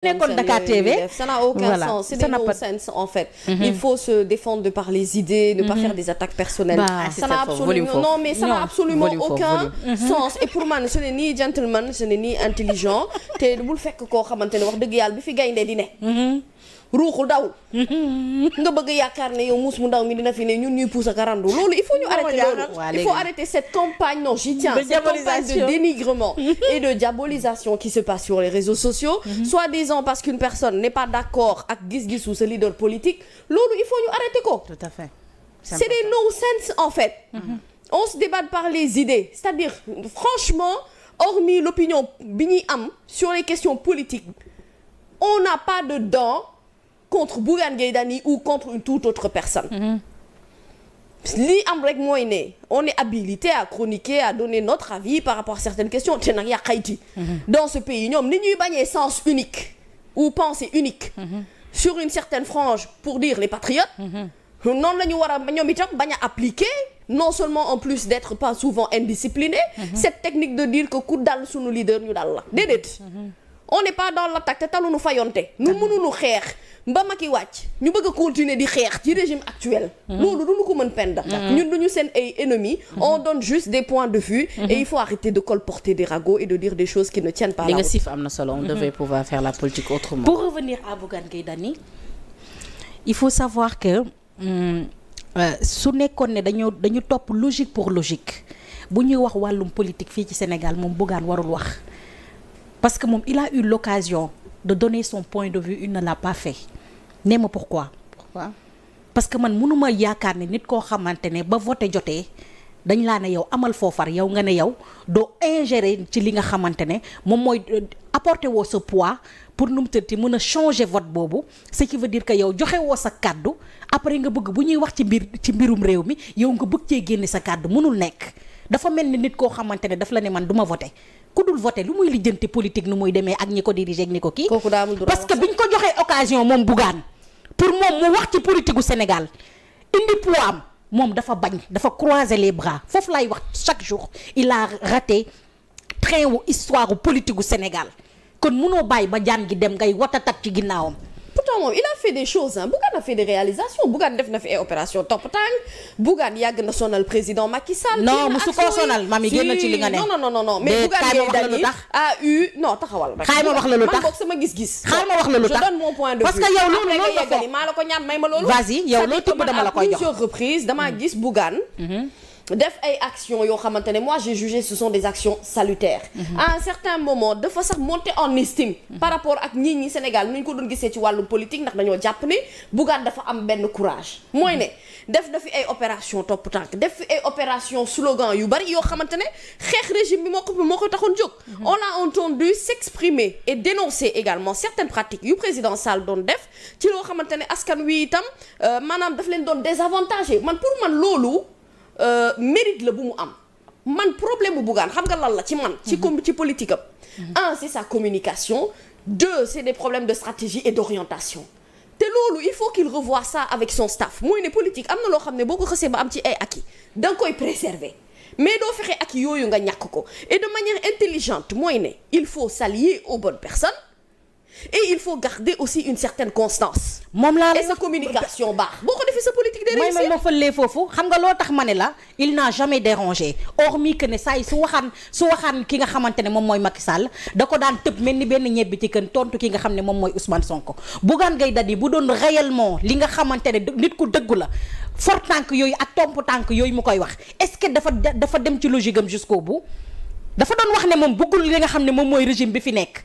nekkoon Dakar TV ça n'a aucun sens c'est des nonsense en fait mhm. il faut se défendre de par les idées ne pas mhm. faire des attaques personnelles non mais ça n'a absolument aucun mhm. sens et pour man ce n'est ni gentleman ce n'est ni intelligent te bul fekk koo xamante ne wax dëgg yàlla bi fi gaynde di ruuxu dawul nga bëgg yaakaar ne yow muus mu ndaw mi dina fi ne ñun ñuy puus ak randu loolu il faut ñu arrêter loolu il faut arrêter cette campagne non j'y tiens cette campagne de dénigrement et de diabolisation qui se passe sur les réseaux sociaux mhm. soi-disant parce qu'une personne n'est pas d'accord ak gis-gisu sa leader politique loolu il faut ñu arrêter ko c'est des no-sense en fait mhm. on se débat par les idées c'est-à-dire franchement hormis l'opinion bi ñuy am sur les questions politiques on n'a pas contre Bougane Gueye Dany ou contre une toute autre personne. Mmh. lii am rek mooy ne on est habilité à chroniquer à donner notre avis par rapport à certaines questions te nag yaa xayti mm-hmm. dans ce pays ñoom ni ñuy bañee sens unique ou pensée unique mm-hmm. sur une certaine frange pour dire les patriotes mm-hmm. noonu la ñu war a ñoom itam bañ a appliquer non seulement en plus d'être pas souvent indiscipliné mmh. technique de dire que ku dal sunu leader ñu dal la on n'est pas dans l'attaque te taluñu fayonte nu mënuñu xeex ba Macky wàcc ñu bëgg a continuer di xeex ci régime actuel hmm. loolu duñu ko mën penda hmm. ñun duñu seen ay ennemis hmm. on donne juste des points de vue et il faut arrêter de colporter des ragots et de dire des choses qui ne tiennent pas la route sif am na solo on devait pouvoir faire la politique autrement pour revenir à Bougane Gueye Dany il faut savoir que euh, su nekkoon ne dañoo dañu topp logique pour logique bu ñuy wax wàllum politique fii ci Sénégal moom Bougane warul wax parce que moom il a eu l'occasion de donner son point de vue il ne l'a pas fait nee ma pourquoi. pourquoi parce que man mënuma yaakaar ne nit koo xamante ne ba vote jotee dañ laa ne yow amal foofar yow nga ne yow doo ingérer ci li nga xamante ne moom mooy euh, apporter woo sa poids pour nu mu mën a changer vote boobu ce qui veut dire que yow joxe woo sa kàddu après nga bëgg bu ñuy wax ci mbir ci mbirum réew mi yow nga bëgg cee génne sa kàddu mënul nekk dafa mel ni nit koo xamante ne daf la ne man du voté ku dul voté lu muy lijjanti politique nu muy demee ak ñi ko dirigé ak ñi ko kii. parce que biñ ko joxee occasion moom Bougane pour moom mu wax ci politique gu Sénégal indi poids moom dafa bañ dafa croiser les bras foofu laay wax chaque jour il a raté train wu histoire politique gu Sénégal kon munoo bàyyi ba jaan gi dem ngay watatat ci ginnaawam. moom il a fait des choses ah Bougane a fait des réalisations Bougane def na fi ay opération topp tàng Bougane yàgg na sonal président Macky Sall. non musu koo sonal mami génn ci li nga ne. non non non non mais Bougane Gueye Dany a eu non taxawal. man boog sama gis-gis. xaay ma wax la lu tax je donne mon point de vue. parce que yow loolu loolu la ko maa la ko ñaan may ma loolu. vas-y yow loo dama la koy jox def ay actions yoo xamante ne moi j'ai jugé ce sont des actions salutaires mm -hmm. à un certain moment dafa sax monter en estime mm par rapport ak ñii ñi Sénégal nu ñu ko doon gisee ci wàllu politique ndax dañoo jàpp ni Bougane dafa am benn courage mooy ne mhm. def na ay opération topp tànk def fi ay opération slogan yu bari yoo xamante ne xeex régime bi moo ko moo ko taxoon jóg mhm. on l'a entendu s'exprimer et dénoncer également certaines pratiques yu président Sall doon def ci loo xamante ne askan wi euh, maanaam daf leen doon désavantager man pour man loolu Euh, mérite la bu mu am man problème bu Bougane xam nga lan la ci man ci mhm. com ci politique am mhm. un c'est sa communication deux c'est des problèmes de stratégie et d'orientation te loolu il faut qu'il revoie ça avec son staff mooy ne politique am na loo xam ne boo ko xësee ba am ci ay acquis da nga koy préserver mais doo fexe acquis yooyu nga ñàkk ko et de manière intelligente mooy ne il faut s'allier aux bonnes personnes et il faut garder aussi une certaine constance. moom laa lay et sa communication baax. boo ko defee sa politique de réussite may ma ma fëlee foofu xam nga loo tax ma ne la il n'a jamais dérangé hormis que ne saa yi su waxaan su waxaan ki nga xamante ne moom mooy Macky Sall da ko daan tëb mel ni benn ñebbi ci kën tontu ki nga xam ne moom mooy Ousmane Sonko. Bougane Gueye Dany bu doon réellement li nga xamante ne nit ku dëggu la fort tànk yooyu ak tomp tànk yooyu mu koy wax est-ce que dafa dafa dem ci logique am jusqu'au bout dafa wax ne moom bëggul nga xam ne moom mooy régime bi fi nekk.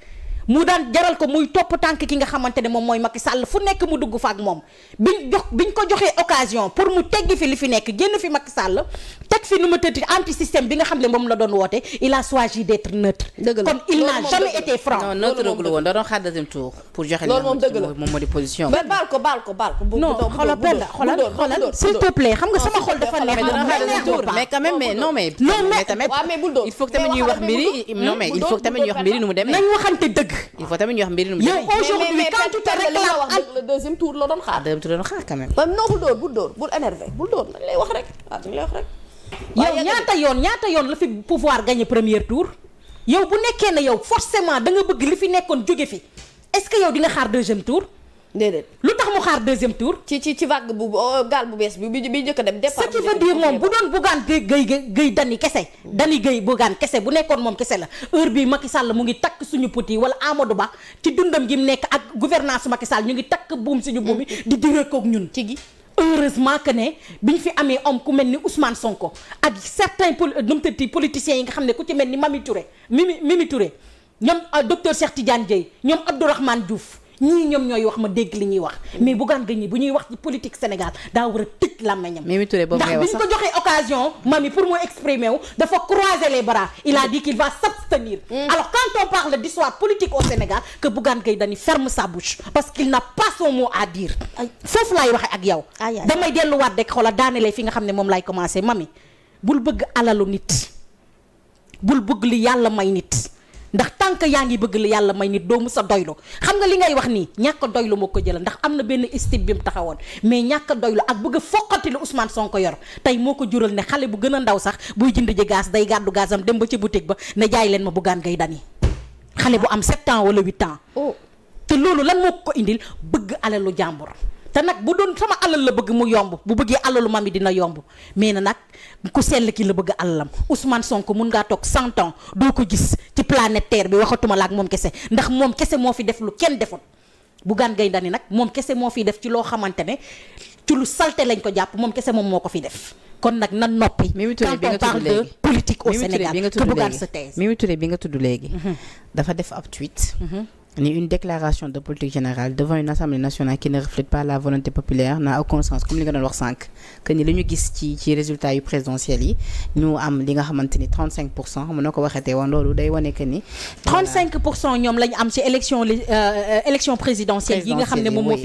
mu daan jaral ko muy topp tànk ki nga xamante ne moom mooy Macky Sall fu nekk mu dugg fa ak moom biñ jox biñ ko joxee occasion pour mu teggi fi li fi nekk génn fi Macky Sall teg fi nu ma tëddi anti système bi nga xam ne moom la doon woote il a choisi d'être neutre. comme il n'a jamais été franc. non neutre la moom moo di position ba baal ko baal ko baal ko. bu bu doon xoolal xoolal xoolal s'il te plaît xam nga sama xol dafa neex. mais quand même mais non mais. il faut tamit ñu wax mbiri nu mu. mais mais quand tu te réclames le deuxième tour la doon xaar. deuxième tour la doon xaar quand même. waaw noo ko dóor bul dóor bul énervé bul dóor dañ lay wax rek waaw dañ lay wax rek. yow ñaata yoon ñaata yoon la fi pouvoir gagner premier tour. yow bu nekkee ne yow forcément da nga bëgg li fi nekkoon jóge fi est-ce que yow di nga xaar deuxième tour. déedéet lu tax mu xaar deuxième tour. ci ci ci vague bu oh, gaal bu bees bi bi bi njëkk dem. départ ce qui veut dire moom bu doon Bougane Gueye Gueye Dany kese. Dany Gueye Bougane kese bu nekkoon moom kese la heure bi Macky Sall mu ngi takk suñu put yi wala Amadou Ba ci dundam gi mu nekk ak gouvernance Macky ñu ngi takk buum suñu buum yi di diree koog ñun. ci gi heureusement que ne bi ñu fi amee homme ku mel ni Ousmane Sonko ak certains poli euh, numtati politiciens yi nga xam ne ku ci mel ni Mami Touré Mimi Mimi Touré ñoom euh, docteur Cheikh Tidiane Dieye ñoom Abdourahmane Diouf. ñii ñoom ñooy wax ma dégg li ñuy wax mais Bougane Gueye bu ñuy wax ci politique Sénégal daa war a tëj làmmiñam Mimi Touré boobu ndax bi ñu ko joxee occasion mami pour mu exprimer wu dafa croiser les bras il a dit qu'il va s'abstenir mm. alors quand on parle d'histoire politique au Sénégal que Bougane Gueye dañuy ferme sa parce qu'il n'a pas son mot à dire foofu laay waxee ak yow damay delluwaat rek xoola daanelee fi nga xam ne moom lay commencer mami bul bëgg alalu nit bul bëgg yàlla may nit ndax tant que yaa ngi bëgg la yàlla may nit doomu sa doylu xam nga li ngay wax nii ñàkk a doylu moo ko jëlal ndax am na benn estime bi mu taxawoon mais ñàkk a doylu ak bëgg a foqati lu Ousmane Sonko yor tey moo ko jural ne xale bu gën a ndaw sax buy jënd ji gaz day gàddu gazam dem ba ci boutique ba ne jaay leen ma Bougane Gueye Dany xale bu am 7 ans wala 8 ans. Oh. te loolu lan moo ko indil bëgg lu jàmbur. te nag bu doon sama alal la bëgg mu yomb bu bëggee ma mami dina yomb mais na nag ku sell ki la bëgg alalam Ousmane Sonko mun ngaa toog cent ans doo ko gis ci planète bi waxatuma la ak moom kese ndax moom kese moo fi def lu kenn defut Bougane Gueye Dany nag moom kese moo fi def ci loo xamante ne ci lu salte lañ ko jàpp moom kese moom moo ko fi def kon nag na noppi. Mimi Touré bi nga tudd léegi quand on parle de politique au Sénégal que Bougane se taise. Mimi Touré bi nga tudd léegi. Mm-hmm. dafa def ab tweet. Mm-hmm. ni une déclaration de politique générale devant une assemblée nationale qui ne reflète pas la volonté populaire n'a aucun sens comme li nga doon wax sànq que ni li gis ci ci yu présidentiels yi ñu am li nga xamante ni pour cent mën na ko waxatee woon loolu day wane que ni. pour cent ñoom la am ci euh, euh, élection présidentielle yi nga xam ne moom moom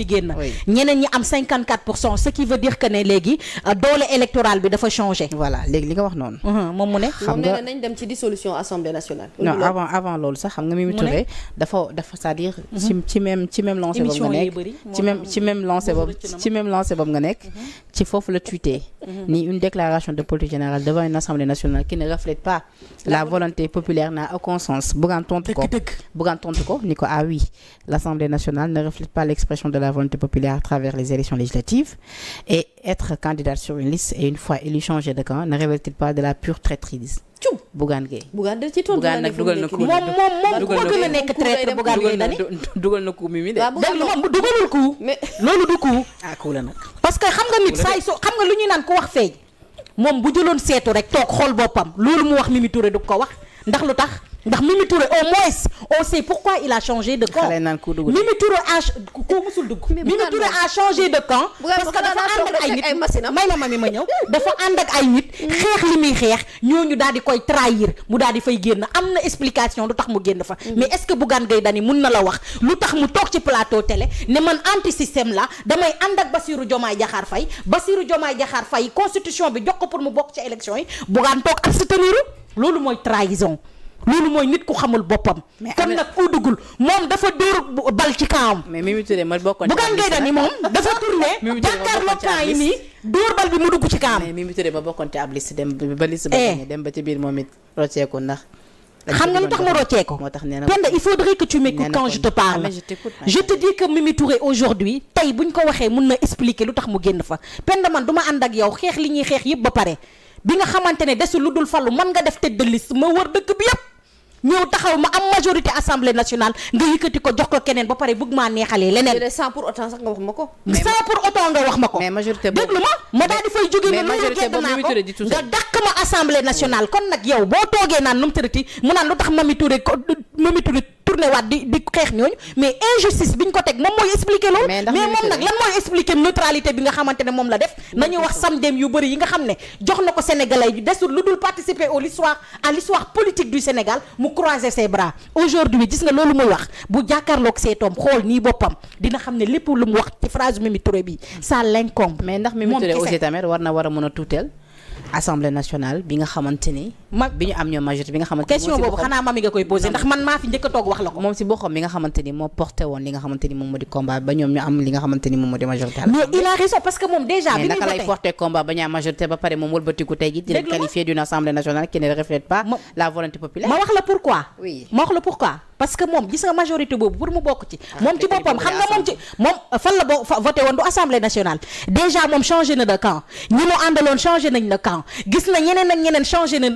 mu ne. xam nga nañ dem ci dissolution assemblée nationale. non avant loolu sax xam nga c'est-à-dire. Mhm. ci ci même ci même lancé boobu nga nekk ci même ci même lancé boobu mhm. ci même lancé boobu ni une déclaration de politique générale devant une assemblée nationale qui ne reflète pas la volonté populaire n'a aucun sens buggaan tontu ko buggaan tontu ko ni ko ah oui l'assemblée nationale ne reflète pas l'expression de la volonté populaire à travers les élections législatives être candidat sur une liste et une fois élu changer de camp ne révèle-t-il pas de la pure traîtrise. ciw Bougane Gueye. Bougane da ci tontu la nekk moom moom moom ku gën a nekk traître Bougane Gueye dani. dugal de. dugalul ko. loolu du ku ah, parce que xam nga nit saay so xam nga lu ñuy naan ko wax feeñ. moom bu jëloon seetu rek toog xool boppam loolu mu wax Mimi Touré du ko wax ndax lu tax. ndax Mimi Touré au moins on sait pourquoi il a changé de camp Mimi Touré a a changé de camp parce que dafa ànd ak ay nit may mm. la ma mi ma ñëw dafa ànd ak ay nit xeex li muy xeex ñooñu daal di koy trahir mu daal di fay génn am na explication lu tax mu génn fa mm. mais est-ce que Bougane Gueye Dany mun na la wax lu tax mu toog ci plateau télé ne man enti système la damay ànd ak Bassirou Diomaye Diakhar Faye Bassirou jomaa Diakhar fay constitution bi jox ko pour mu bokk ci élection yi Bougane toog abstenir loolu mooy trahison loolu mooy nit ku xamul boppam. kon nag ku duggul moom dafa dóor bal ci kaam. mais Mimi Touré man bokkoon bu gaan ngay dani moom dafa tourné jàkkaarloo temps yi nii dóor bal bi mu dugg ci kaam. mais Mimi Touré ma bokkoon ci ab dem eh. dem ba ci biir moom it rocceeku ndax. xam nga lu tax mu roccee ko Penda il faudrait que tu m'écoutes quand je te parle ah, je te dis que Mimi aujourd'hui tey buñ ko waxee mun na expliquer lu tax mu génn fa Penda man du ma ànd ak yow xeex li ñuy xeex yëpp ba pare bi nga xamante ne desul lu dul falu mën nga def te de liste ma wër dëkk bi yëpp ñëw taxaw ma am majorité assemblée nationale nga yëkkati ko jox ko keneen ba pare bëgg maa neexalee leneen. sans pour autant sax nga wax ma ko. sans pour autant nga wax ma ko. mais majorité boobu déglu ma ma daal di fay jógee. mais majorité boobu Mimi Touré di nga dàq ma assemblée nationale kon nag yow boo toogee naan nu mu naan lu tax Mimi ko Mimi retourné waat di mais injustice bi ñu ko teg moom mooy expliqué loolu mais moom nag lan mooy expliqué neutralité bi nga xamante ne moom la def nañu wax samdem yu bëri yi nga xam ne jox na ko sénégalais yu desul lu dul participer au l'histoire à l'histoire politique du Sénégal mu croiser ses bras aujourd'hui gis nga loolu muy wax bu jàkkaarloog seetoom xool nii boppam dina xam ne lépp lu mu wax ci phrase Mimi Touré bi ça l'incombe mais ndax Mimi Touré war na war a mën a tuuteel assemblée nationale bi nga xamante ni. bi ñu am ñoom majorité bi nga xamante question boobu xanaa mami nga koy posé ndax man maa fi njëkk a toog wax la ko. moom si boppam mi nga nga xamante moom moo di combat ba ñoom ñu am li nga xamante moom moo di majorité. mais il a parce que moom déjà. bi muy voté mais naka lay porté combat ba ñu majorité ba pare moom wëlbatiku tey jii. dégg nga di leen assemblée nationale qui ne reflète pas parce que moom gis nga majorité boobu pour mu bokk ci ah, moom ci boppam xam nga moom ci moom fan la bo voté woon du assemblée nationale déjà moom changé na de camp ñi mu àndaloon changé nañ de camp gis na ñeneen ak ñeneen changé na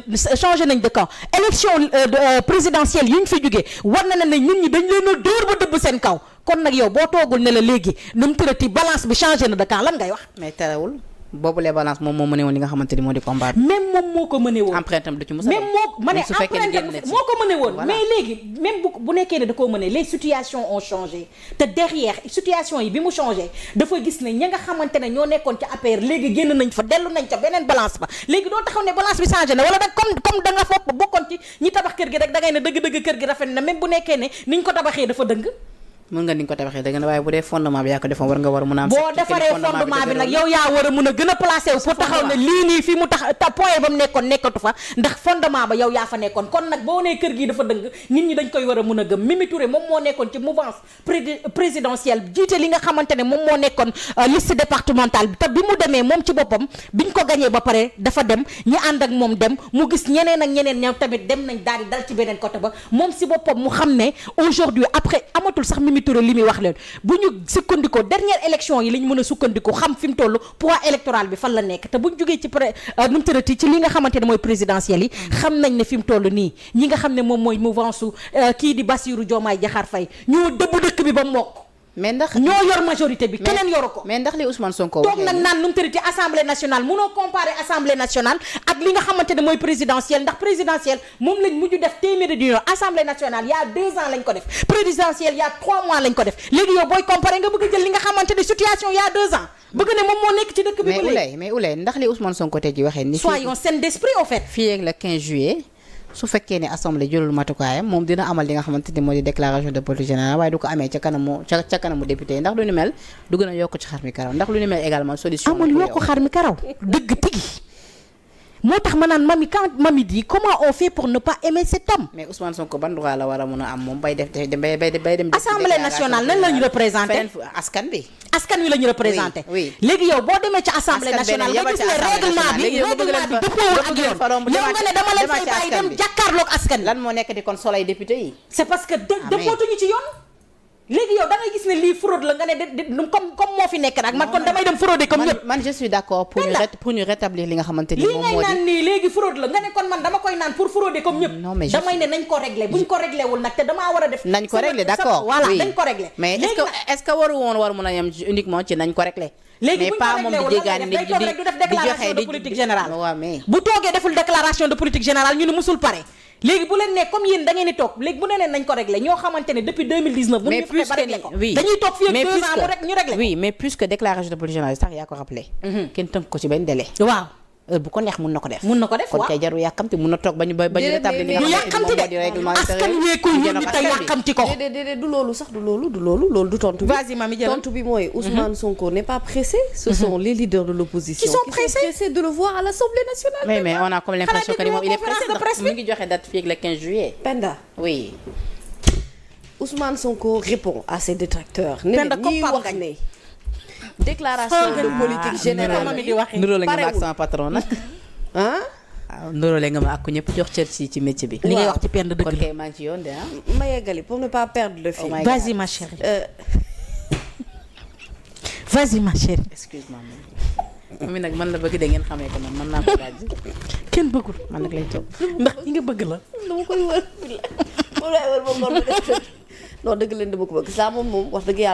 changé nañ de camp élection euh, euh, présidentielle yi ñu fi jógee war na ne ñun ñi dañ leen a ba dëbb seen kaw kon nag yow boo toogul ne la léegi nu mu tërati balance bi changé na de camp lan ngay wax mais terewul boobu les balance moom moo mëneewoon li nga xamante ni moo di combat bi. même moom moo ko mëneewoon. empreinte am du ci mos a dem. même su fekkee ne empreinte moo ko mëneewoon. mais léegi même ko bu nekkee ne da koo mënee les situations ont situation yi mu changé dafa gis ne ñi nga xamante ne ñoo nekkoon ca APR léegi génn nañ fa dellu nañ ca beneen balance ba léegi doo taxaw ne balance bi changé na wala da comme comme da nga bokkoon ci ñi tabax kër gi rek dangay ne dëgg-dëgg kër gi rafet na même bu nekkee ne niñ ko tabaxee dafa dëng mën nga ni nga ko tabaxee dëgg na waaye bu dee fondement bi yaa ko defoon war nga war a mën a am boo defaree fondement bi nag yow yaa war a mën a gën a placé wu pour taxaw ne lii nii fii mu tax point ba mu nekkoon nekkatu fa ndax fondement ba yow yaa fa nekkoon kon nag boo nee kër gii dafa dëng nit ñi dañ koy war a mën a gëm Mimi Touré moom moo nekkoon ci mouvance présidentielle jiite li nga xamante ne moom moo nekkoon euh, liste départementale bi te bi mu demee moom ci boppam biñ ko gañee ba pare dafa dem ñi ànd ak moom dem mu gis ñeneen ak ñeneen ñoom tamit dem nañ daal di dal ci beneen côté ba moom si boppam mu xam ne aujourd'hui après amatul sax Mimi Touré li muy wax leen bu ñu sukkandikoo dernière élection yi la ñu mën a sukkandiku xam fi mu toll poids électoral bi fan la nekk te bu ñu jógee ci pré euh, nu mu tërati ci li nga xamante ne mooy présidentielle yi mm-hmm. xam nañ ne fi mu toll nii ñi nga xam ne moom mooy mouvance su euh, kii di Bassirou Diomaye Diakhar Faye ñoo dëbb dëkk bi ba mokk mais ndax ñoo yor majorité bi keneen yoru ko. mais ndax li Ousmane Sonko toog nag naan nu mu tëddee assemblée nationale munoo comparer assemblée nationale ak li nga xamante ne mooy présidentielle ndax présidentielle moom lañ mujj def téeméeri di ñëw assemblée nationale y'a deux ans lañ ko def présidentielle y'a trois mois lañ ko def léegi yow booy comparer nga bëgg jël li nga xamante ne situation y'a deux ans bëgg ne moom moo nekk ci dëkk bi. mais waxee. ni soyons sains d'esprit au su fekkee ne assemblée jëlul matukaayam moom dina amal li nga xamante moo di déclaration de politique générale waaye du ko amee ca kanamu ca ca kanamu député ndax lu ni mel du gën a yokk ci xar mi karaw ndax lu ni mel également solution amul yokk xar mi karaw dëgg tigi moo tax ma naan mami quand mami di comment on fait pour ne pas aimer cet homme. mais Ousmane Sonko ban droit la war a mën a am moom bay def bay bay dem. nan la ñu askan bi. askan wi léegi yow boo demee ci assemblée nationale nga gis ne règlement bi règlement bi dëppoo ak yoon nga ne dama leen fay bàyyi dem jàkkaarloog askan lan moo nekk di kon solay député yi. c'est parce que dëppootuñu ci yoon. léegi yow da ngay gis ne lii fraude la nga ne de comme comme moo fi nekk nag man kon damay dem frauder comme ñëpp man je d'accord pour ñu rétablir li nga xamante ni moom moo lii ngay naan nii léegi fraude la nga ne kon man dama koy naan pour frauder comme ñëpp damay ne nañ ko régler buñ ko régler wul nag te damaa war a def nañ ko régler d'accord voilà nañ ko régler mais est est waru woon war mun a yem uniquement ci nañ ko régler léegi buñ ko régler du def léegi bu leen ne comme yéen da ngeen di toog léegi bu ne leen nañ ko régler ñoo xamante ne depuis 2019. bu ñu fexe ba régler ko dañuy toog fii ak 2 ans mu rek ñu régler. mais plus que déclaration de politique générale sax yaa ko rappelé. Mhm. kenn tënk ko ci benn délai. waaw Euh, bu ko neex mun na ko def. mun na ko def waaw kon kay jaru yàkkamti mun na toog ba ñu ba ñu rétabli li nga xam ne moom moo di règlement askan wee koy yónni te yàkkamti ko. du loolu sax du loolu du loolu loolu du tontu bi. mooy mhm. Ousmane Sonko n'est pas pressé. ce mhm. sont les leaders de l'opposition. qui sont pressés de le voir à l'Assemblée nationale. mais mais on a comme l'impression que moom il est mu ngi joxe date fii ak le 15 juillet. Penda oui. Sonko répond à ses détracteurs. Penda comme Pape Ngagne déclaration de politique générale niróole nga ma ak sama patron nag ah. waaw niróole nga ma ak ku ñëpp jox cër ci ci métier bi. li ngay wax ci perte dëgg la kon kay maa ngi ci yoon de ah. ma yeggali pour ne pas perdre le fil. vas-y ma chérie. vas-y ma chérie. excuse-moi. mami nag man la bëgg de ngeen xamee ko man man naa ko laaj. kenn bëggul man nag lay toog ndax ñi nga bëgg la. dama koy wër. walaay wër ba ngoon ba des non dëgg leen dama ko bëgg saa moom moom wax dëgg yàlla.